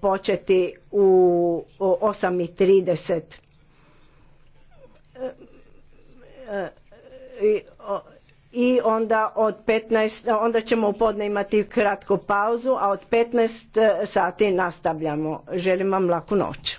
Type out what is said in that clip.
početi u 8.30. E, e, I onda od 15, onda ćemo u podne imati kratku pauzu, a od 15 e, sati nastavljamo. Želim vam laku noć.